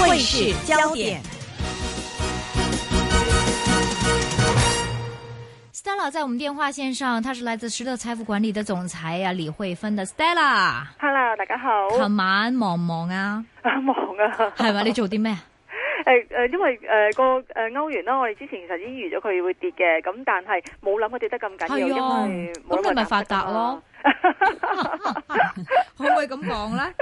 .會是焦點。Stella 在我們電話線上，她是來自石德財富管理的總裁、啊、李慧芬的 Stella。Hello，大家好。琴晚忙唔忙啊，忙啊，係嘛？你做啲咩？誒 誒、哎呃，因為誒個誒歐元啦，我哋之前其實已經預咗佢會跌嘅，咁但係冇諗佢跌得咁緊要、哎，因為咁你咪發達咯。可唔可以咁講咧？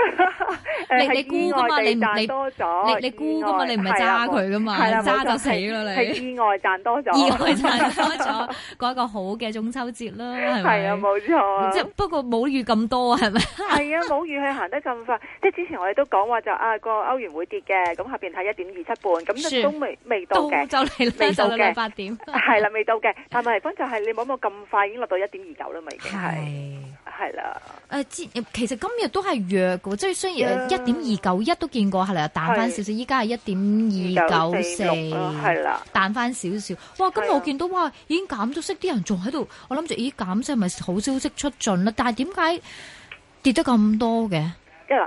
你你估㗎嘛？你唔你你估㗎嘛？你唔係揸佢㗎嘛？揸就死咯！你係意外賺多咗，意外賺多咗，過一個好嘅中秋節啦，係咪？係啊，冇錯。即不過冇預咁多係咪？係啊，冇預佢行得咁快。即之前我哋都講話就啊個歐元會跌嘅，咁下邊係一點二七半，咁都未未到嘅，就嚟未到嘅八點，係啦，未到嘅。但係芬就係你冇冇咁快已經落到一點二九啦嘛，已經。係。係啦，誒，其實今日都係弱嘅，即係雖然一點二九一都見過，後來又彈翻少少，依家係一點二九四，係啦，彈翻少少。哇，咁我見到哇，已經減咗息，啲人仲喺度，我諗住，咦，減息係咪好消息出盡啦？但係點解跌得咁多嘅？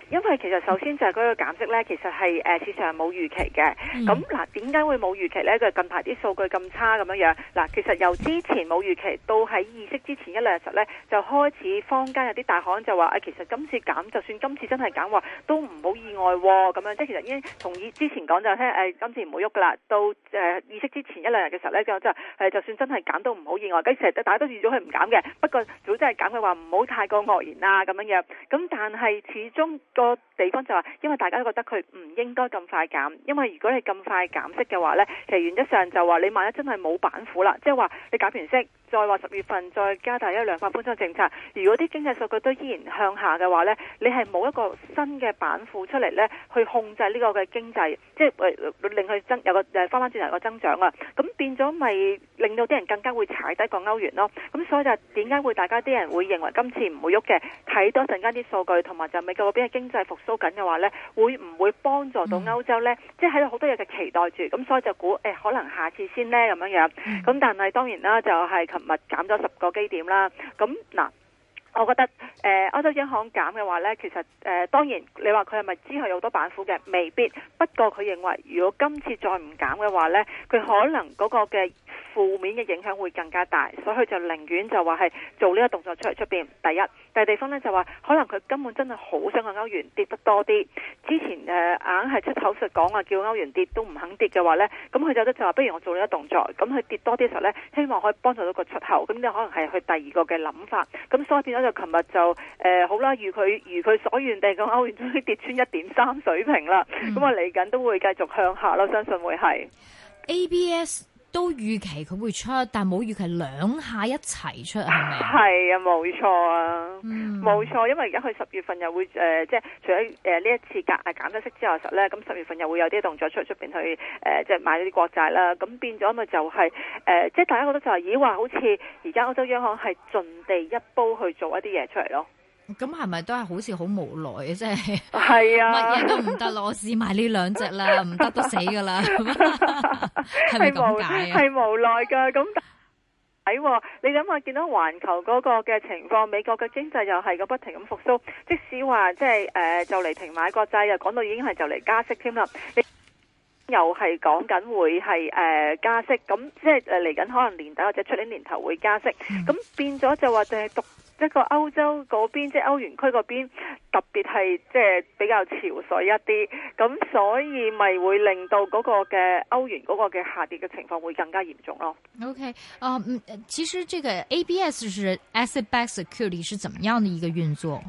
因為其實首先就係嗰個減息咧，其實係誒市場冇預期嘅。咁嗱，點、啊、解會冇預期咧？佢近排啲數據咁差咁樣樣。嗱、啊，其實由之前冇預期到喺議息之前一兩日嘅時候咧，就開始坊間有啲大行就話，啊，其實今次減，就算今次真係減話，都唔好意外咁、啊、樣。即係其實已經同意之前講就係誒、啊、今次唔好喐噶啦，到誒、啊、議息之前一兩日嘅時候咧，就即係就算真係減都唔好意外。成日大家都預咗佢唔減嘅，不過早真係減嘅話，唔好太過愕然啊咁樣樣。咁、啊、但係始終。那個地方就話，因為大家都覺得佢唔應該咁快減，因為如果你咁快減息嘅話呢，其實原則上就話你萬一真係冇板斧啦，即係話你減完息，再話十月份再加大一兩百分之嘅政策，如果啲經濟數據都依然向下嘅話呢，你係冇一個新嘅板斧出嚟呢去控制呢個嘅經濟，即係令佢增有個翻翻轉頭個增長啊，咁變咗咪令到啲人更加會踩低一個歐元咯，咁所以就點解會大家啲人會認為今次唔會喐嘅？睇多陣間啲數據，同埋就美國即係經濟復甦緊嘅話呢，會唔會幫助到歐洲呢？即係喺好多嘢嘅期待住，咁所以就估誒、欸，可能下次先呢。咁樣樣。咁但係當然啦，就係琴日減咗十個基點啦。咁嗱，我覺得誒，歐洲央行減嘅話呢，其實誒、呃，當然你話佢係咪之後有好多板斧嘅？未必。不過佢認為如果今次再唔減嘅話呢，佢可能嗰個嘅。負面嘅影響會更加大，所以佢就寧願就話係做呢個動作出嚟。出邊。第一，第二地方呢，就話可能佢根本真係好想個歐元跌得多啲。之前誒硬係出口術講話，叫歐元跌都唔肯跌嘅話呢，咁佢就得就話不如我做呢個動作。咁佢跌多啲嘅時候呢，希望可以幫助到個出口。咁呢可能係佢第二個嘅諗法。咁所以變咗就琴日就誒、呃、好啦，如佢如佢所願地個歐元終於跌穿一點三水平啦。咁、嗯、我嚟緊都會繼續向下咯，相信會係 ABS。都預期佢會出，但冇預期兩下一齊出啊！係啊，冇錯啊，冇、嗯、錯，因為而家佢十月份又會、呃、即係除咗呢一次減誒減息之後十呢咁十月份又會有啲動作出出面去誒、呃，即係買啲國債啦。咁變咗咪就係、誒呃、即係大家覺得就係咦話好似而家歐洲央行係盡地一煲去做一啲嘢出嚟咯。咁係咪都係好似好無奈嘅？即 係、啊，係 啊，乜嘢都唔得咯！我試買呢兩隻啦，唔得都死噶啦，係 冇， 係無，無奈噶。咁，哎，你諗下，見到環球嗰個嘅情況，美國嘅經濟又係個不停咁復蘇，即使話即係誒就嚟、是呃、停買國債，又講到已經係就嚟加息添啦，你又係講緊會係誒、呃、加息，咁即係誒嚟緊可能年底或者出年年頭會加息，咁變咗就話淨係獨， 一個歐洲嗰邊，即係歐元區嗰邊，特別係即係比較潮水一啲，咁所以咪會令到嗰個嘅歐元嗰個嘅下跌嘅情況會更加嚴重咯。OK，啊，其實這個 ABS 是 Asset Backed Security 是怎麼樣嘅一個運作？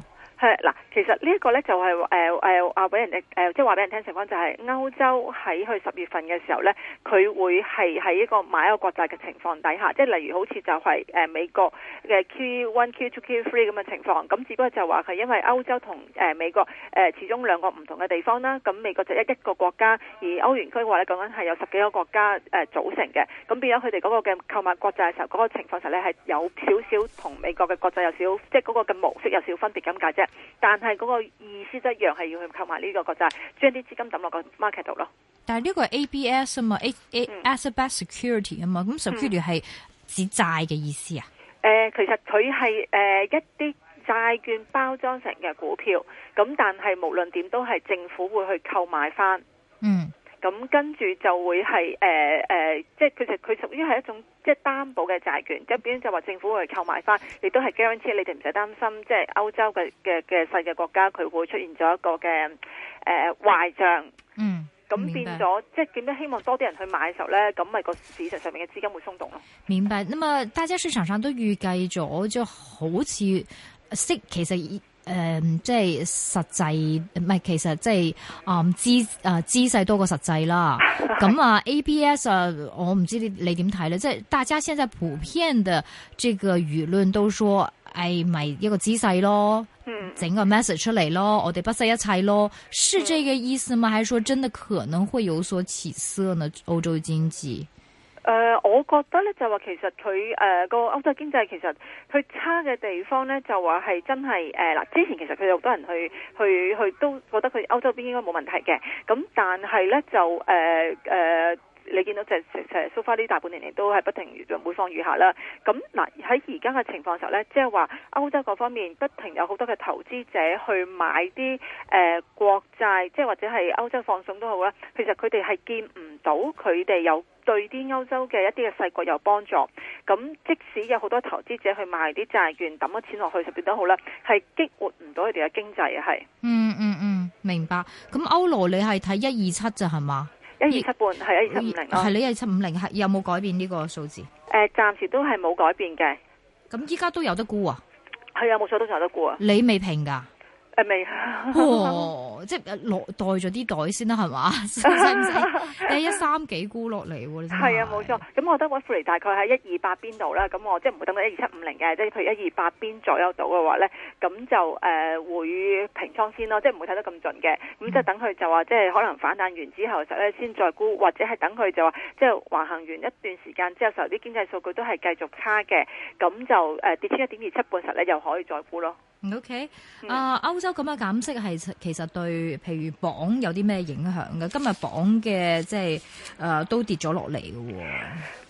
嗱，其實呢一個咧就係誒誒啊，俾、呃呃呃呃呃、人誒誒即係話俾人聽情況就係歐洲喺去十月份嘅時候咧，佢會係喺一個買一個國債嘅情況底下，即係例如好似就係誒美國嘅 Q One、Q Two、Q Three 咁嘅情況，咁只不過就話係因為歐洲同誒美國誒始終兩個唔同嘅地方啦，咁美國就一一個國家，而歐元區嘅話咧講緊係有十幾個國家誒組成嘅，咁變咗佢哋嗰個嘅購買國債嘅時候嗰，那個情況實咧係有少少同美國嘅國債有少即係嗰個嘅模式有少分別咁解啫。但係嗰個意思一樣係要去購買呢個國債，將啲資金抌落個 market 度咯。但係呢個 ABS 啊嘛，A A、嗯、Asset Backed Security 啊嘛，咁 security 係指債嘅意思啊？誒、嗯，其實佢係誒一啲債券包裝成嘅股票，咁但係無論點都係政府會去購買翻。嗯。咁跟住就會係誒誒，即係佢就佢屬於係一種即係擔保嘅債券，即係變就話政府會購買翻，亦都係 guarantee，你哋唔使擔心，即係歐洲嘅嘅嘅細嘅國家佢會出現咗一個嘅誒壞賬。嗯，咁變咗即係點都希望多啲人去買嘅時候咧，咁咪個市場上面嘅資金會鬆動咯。明白。咁啊，那麼大家市場上都預計咗，即係好似息其實。誒、呃，即係實際唔係，其實即係啊姿啊、呃、姿勢多過實際啦。咁 啊，ABS 啊，我唔知你你點睇咧？即係大家現在普遍的這個輿論都說，係、哎、咪一個姿勢咯？整個 message 出嚟咯，我哋不惜一切咯，是這個意思嗎？還是說真的可能會有所起色呢？歐洲經濟？誒、呃，我覺得咧就話其實佢誒、呃那個歐洲經濟其實佢差嘅地方咧就話係真係誒嗱，之前，其實佢有好多人去去去都覺得佢歐洲邊應該冇問題嘅，咁但係咧就誒誒。呃呃你見到就誒蘇花呢大半年嚟都係不停就每況愈下啦。咁嗱喺而家嘅情況嘅時候咧，即係話歐洲嗰方面不停有好多嘅投資者去買啲誒國債，即係或者係歐洲放鬆都好啦。其實佢哋係見唔到佢哋有對啲歐洲嘅一啲嘅細國有幫助。咁即使有好多投資者去買啲債券抌咗錢落去，就變得好啦，係激活唔到佢哋嘅經濟啊。係，嗯嗯嗯，明白。咁歐羅你係睇一二七咋，係嘛？一二七半係一二七五零，係你一二七五零係有冇改變呢個數字？誒、呃，暫時都係冇改變嘅。咁依家都有得估啊？係有冇在都仲有得估啊？你未評㗎？誒未？哦、 即係落袋咗啲袋先啦，係 嘛？使 、哎、一三幾沽落嚟？係啊，冇錯。咁我覺得 one f r 大概喺一二八邊度啦。咁我即係唔會等到一二七五零嘅，即、就、係、是、譬如一二八邊左右到嘅話咧，咁就誒、呃、會平倉先咯。即係唔會睇得咁盡嘅。咁即係等佢就話即係可能反彈完之後嘅時咧，先再沽，或者係等佢就話即係橫行完一段時間之後，啲經濟數據都係繼續差嘅，咁就誒、呃、跌穿一點二七半十咧，又可以再沽咯。O K，啊，歐洲咁嘅減息係其實對，譬如鎊有啲咩影響嘅？今日鎊嘅即係誒都跌咗落嚟嘅喎。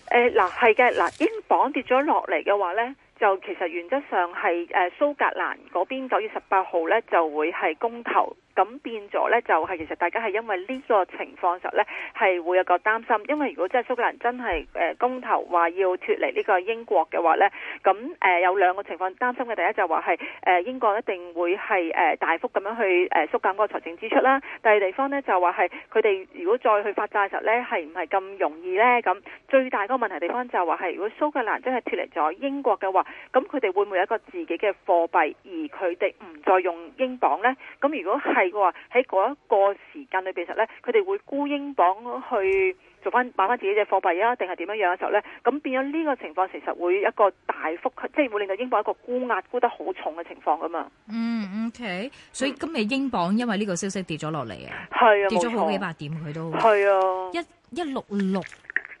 誒嗱，係嘅，嗱英鎊跌咗落嚟嘅話咧，就其實原則上係誒蘇格蘭嗰邊九月十八號咧就會係公投。咁變咗咧，就係、是、其實大家係因為呢個情況時候咧，係會有個擔心，因為如果真係蘇格蘭真係誒公投話要脫離呢個英國嘅話咧，咁有兩個情況擔心嘅，第一就話係英國一定會係大幅咁樣去誒縮減個財政支出啦，第二地方咧就話係佢哋如果再去發債時候咧，係唔係咁容易咧？咁最大個問題地方就話、是、係如果蘇格蘭真係脫離咗英國嘅話，咁佢哋會唔會有一個自己嘅貨幣，而佢哋唔再用英鎊咧？咁如果係，的話喺嗰一個時間裏邊，實咧佢哋會沽英鎊去做翻買翻自己隻貨幣啊，定係點樣樣嘅時候咧，咁變咗呢個情況，其實會一個大幅，即係會令到英鎊一個沽壓沽得好重嘅情況噶嘛。嗯，OK，所以今日英鎊因為呢個消息跌咗落嚟啊，係、嗯、啊，跌咗好幾百點佢都係啊，啊一一六六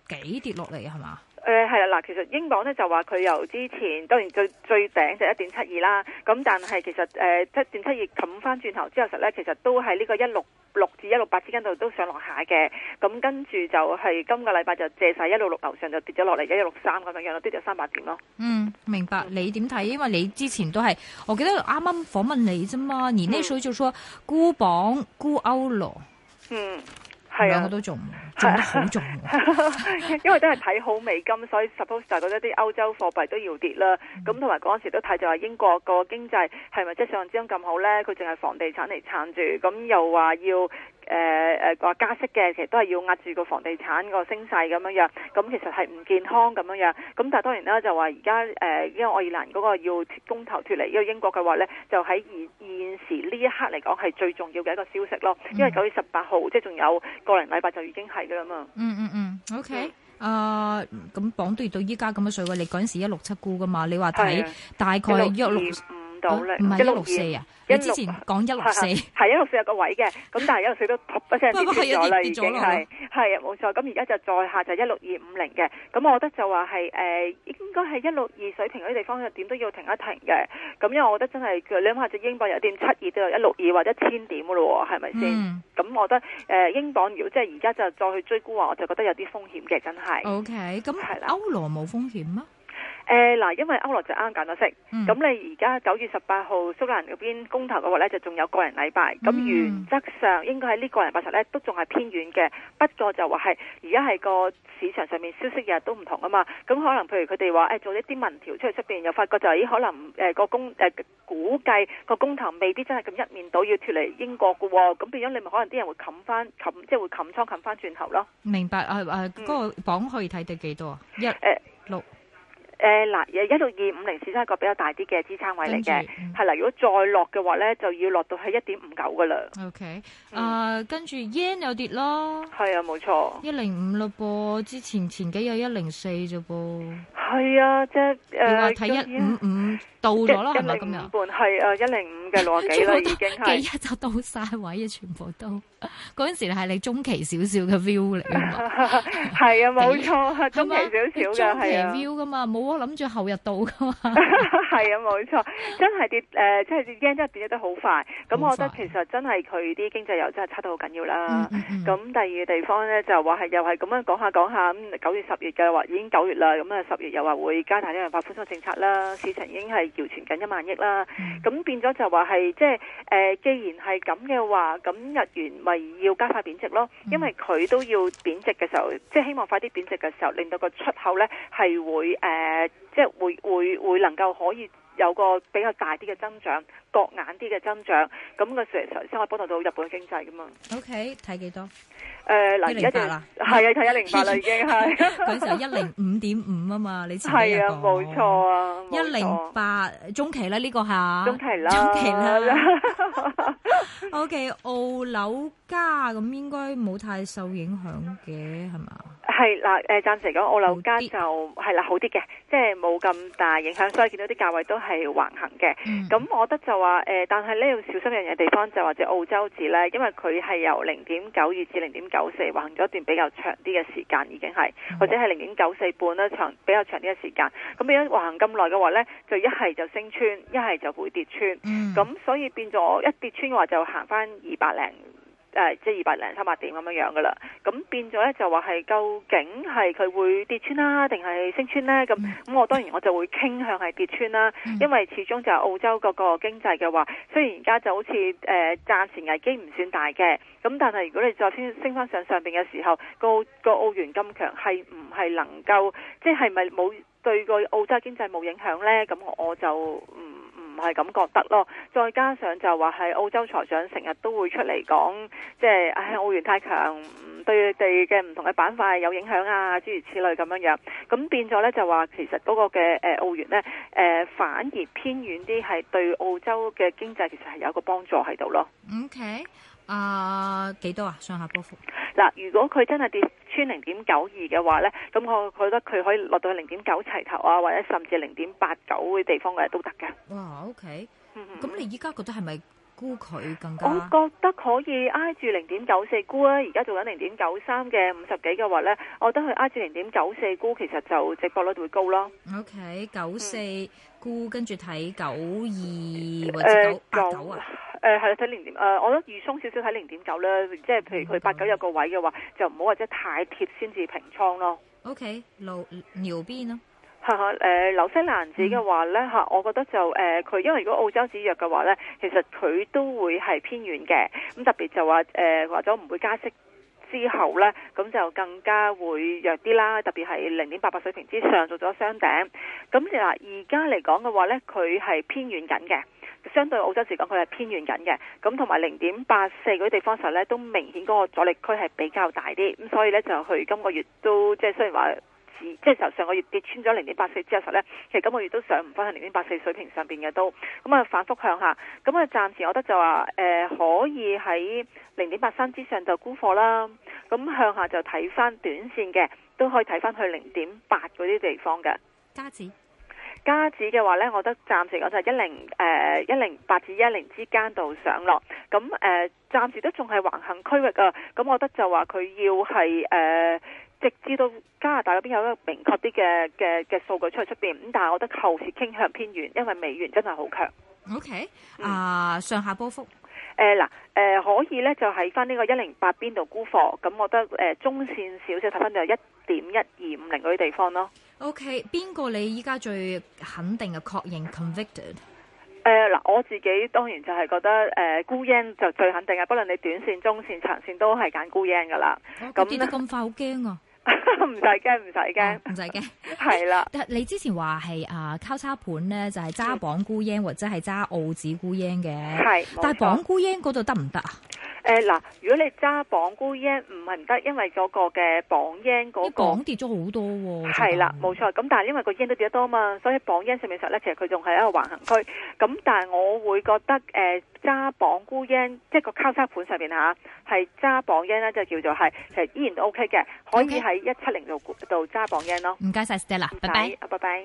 幾跌落嚟係嘛？誒，係啊，嗱，其實英鎊咧就話佢由之前當然最最頂就一點七二啦，咁但係其實誒，一點七二冚翻轉頭之後實咧，其實都喺呢個一六六至一六八之間度都上落下嘅，咁跟住就係今個禮拜就借晒一六六樓上就跌咗落嚟，一一六三咁樣樣咯，跌咗三百點咯。嗯，明白。你點睇？因為你之前都係，我記得啱啱訪問你啫嘛，而呢組就說沽鎊、沽歐羅。嗯。係啊，我都做，仲好做，因為都係睇好美金，所以 suppose 就覺得啲歐洲貨幣都要跌啦。咁同埋嗰陣時都睇住話英國個經濟係咪即係想像之中咁好咧？佢淨係房地產嚟撐住，咁又話要。誒、呃、誒，話加息嘅，其實都係要壓住個房地產個升勢咁樣樣，咁其實係唔健康咁樣樣，咁但係當然啦，就話而家誒，因為愛爾蘭嗰個要公投脫離，因為英國嘅話咧，就喺現現時呢一刻嚟講係最重要嘅一個消息咯，因為九月十八號即係仲有個零禮拜就已經係噶啦嘛。嗯嗯嗯，OK，啊，咁、呃、綁到而到依家咁嘅水位，你嗰陣時一六七沽噶嘛，你話睇大概一六。一六四啊，一六，之前講一六四，係一六四有個位嘅，咁但係一六四都 pop 一聲跌咗啦， 已經係係冇錯，咁而家就再下就一六二五零嘅，咁我覺得就話係誒應該係一六二水平嗰啲地方又點都要停一停嘅，咁因為我覺得真係兩下英鎊有 72, 就英鎊跌跌七二都有一六二或者一千點噶咯，係咪先？咁、嗯、我覺得誒英鎊如果即係而家就再去追沽話，我就覺得有啲風險嘅，真係。O K，咁歐羅冇風險嗎？誒，嗱，因為歐羅就啱啱減咗息，咁、嗯、你而家九月十八號蘇格蘭嗰邊公投嘅話咧，就仲有個人禮拜，咁、嗯、原則上應該喺呢個人禮拜咧都仲係偏遠嘅，不過就話係而家係個市場上面消息日日都唔同啊嘛，咁可能譬如佢哋話誒做一啲民調出去出邊，又發覺就係咦，可能誒、呃、個公誒、呃、估計個公投未必真係咁一面倒要脱離英國嘅、哦，咁變咗你咪可能啲人會冚翻冚，即係會冚倉冚翻轉頭咯。明白，嗰、啊啊嗯那個榜可以睇到幾多啊？一誒六。誒、欸，嗱，一六二五零都係一個比較大啲嘅支撐位嚟嘅，係啦。如果再落嘅話咧，就要落到去一點五九噶啦。OK，、嗯、啊，跟住 yen 又跌咯，係啊，冇錯，一零五咯噃，之前前幾日一零四啫噃，係啊，即係誒，睇一五五到咗啦嘛，咁樣半係誒一零五嘅六十幾啦，已經係幾日就到晒位啊，全部都。嗰陣時係你中期少少嘅 view 嚟，係啊，冇錯，中期少少噶係啊，中期 view 噶嘛冇我諗住後日到噶嘛係啊，冇錯，真係跌誒，真係跌得變咗得好快。咁我覺得其實真係佢啲經濟又真係差得好緊要啦。咁第二嘅地方咧，就話係又係咁樣講下講下，咁九月十月嘅話已經九月啦，咁啊十月又話會加大呢個量化寬鬆政策啦，市場已經係謠傳緊一萬億啦。咁變咗就話係即係誒，既然係咁嘅話，咁日元或係要加快貶值咯，因為佢都要貶值嘅時候，即係希望快啲貶值嘅時候，令到個出口咧係會誒、呃，即係會會會能夠可以。有個比較大啲嘅增長，覺眼啲嘅增長，咁嘅實實先可以幫到到日本嘅經濟噶嘛？OK，睇幾多？誒嗱，一零八啦，係啊，睇一零八啦已經係。嗰陣時一零五點五啊嘛，你前幾日講。係啊，冇錯啊，一零八中期咧呢個嚇。中期啦，中期啦。OK，澳樓加咁應該冇太受影響嘅係嘛？係嗱，誒、呃，暫時嚟講，澳樓間就係啦，好啲嘅，即係冇咁大影響，所以見到啲價位都係橫行嘅。咁、嗯、我覺得就話，誒、呃，但係咧要小心樣樣嘢地方就或者澳洲紙咧，因為佢係由零點九二至零點九四橫行咗一段比較長啲嘅時間已經係、嗯，或者係零點九四半啦，長比較長啲嘅時間。咁因為橫行咁耐嘅話咧，就一係就升穿，一係就會跌穿。咁、嗯、所以變咗一跌穿嘅話，就行翻二百零。誒、呃，即係二百零三百點咁樣樣噶啦，咁變咗咧就話係究竟係佢會跌穿啦、啊，定係升穿呢？咁咁我當然我就會傾向係跌穿啦、啊，因為始終就係澳洲嗰個經濟嘅話，雖然而家就好似誒暫時危機唔算大嘅，咁但係如果你再升升翻上上邊嘅時候，個個澳元咁強係唔係能夠，即係咪冇對個澳洲經濟冇影響呢？咁我我就唔。唔係咁覺得咯，再加上就話係澳洲財長成日都會出嚟講，即係唉澳元太強對佢哋嘅唔同嘅板塊有影響啊，諸如此類咁樣樣，咁變咗呢，就話其實嗰個嘅誒澳元呢，誒、呃、反而偏遠啲，係對澳洲嘅經濟其實係有一個幫助喺度咯。OK，uh, 多啊幾多啊上下波幅嗱，如果佢真係跌。穿零點九二嘅話咧，咁我，我覺得佢可以落到零點九齊頭啊，或者甚至零點八九嘅地方嘅都得噶。哇，OK，咁、嗯、你依家覺得係咪？沽佢更加，我覺得可以挨住零點九四沽啊。而家做緊零點九三嘅五十幾嘅話咧，我覺得佢挨住零點九四沽其實就值搏率就會高咯。OK，九四沽，跟住睇九二或者九、呃、啊？誒、呃，係啦，睇零點誒，我覺得預鬆少少睇零點九咧，即係譬如佢八九有個位嘅話，嗯、就唔好或者太貼先至平倉咯。OK，留尿邊咯、啊。嚇嚇，誒、呃、紐西蘭紙嘅話咧嚇、啊，我覺得就誒佢、呃，因為如果澳洲紙弱嘅話咧，其實佢都會係偏軟嘅。咁特別就話誒話咗唔會加息之後咧，咁就更加會弱啲啦。特別係零點八八水平之上做咗雙頂。咁嗱，而家嚟講嘅話咧，佢係偏軟緊嘅，相對澳洲紙嚟講佢係偏軟緊嘅。咁同埋零點八四嗰啲地方時候咧，都明顯嗰個阻力區係比較大啲。咁所以咧就佢今個月都即係雖然話。即係上上個月跌穿咗零點八四之後咧，其實今個月都上唔翻去零點八四水平上邊嘅都，咁、嗯、啊，反覆向下，咁啊，暫時我覺得就話誒、呃、可以喺零點八三之上就沽貨啦，咁、嗯、向下就睇翻短線嘅，都可以睇翻去零點八嗰啲地方嘅。加紙加紙嘅話呢，我覺得暫時我就係一零誒一零八至一零之間度上落，咁誒暫時都仲係橫行區域啊，咁、嗯、我覺得就話佢要係誒。呃直至到加拿大嗰邊有一個明確啲嘅嘅嘅數據出嚟出邊，咁但係我覺得後市傾向偏軟，因為美元真係好強。O K，啊上下波幅，誒嗱，誒可以咧就喺翻呢個一零八邊度沽貨，咁我覺得誒、uh, 中線少少睇翻就一點一二五零嗰啲地方咯。O K，邊個你依家最肯定嘅確認？Convicted。誒、呃、嗱，我自己當然就係覺得，誒沽歐就最肯定啊！不論你短線、中線、長線都係揀沽歐㗎喇。咁、哦、跌得咁快，好驚、嗯、啊！唔使驚，唔使驚，唔使驚，係啦。 你之前話係啊交叉盤咧，就係、是、揸綁沽歐 或者係揸澳紙沽歐嘅。係。但係綁沽歐嗰度得唔得啊？誒、哎、嗱，如果你揸磅沽 yen 唔係唔得，因為嗰個嘅磅 yen 嗰個跌咗好多，係啦，冇錯。咁但係因為，哦是、嗯、因為個 yen 都跌得多嘛，所以榜 yen 上面實咧，其實佢仲係一個橫行區。咁但係我會覺得誒，揸磅沽 yen，即係個交叉盤上邊吓，係揸榜 yen 咧，即係叫做係，其實依然 O K 嘅，可以喺一七零六度揸榜 yen 咯。唔該晒 Stella，拜拜，拜拜。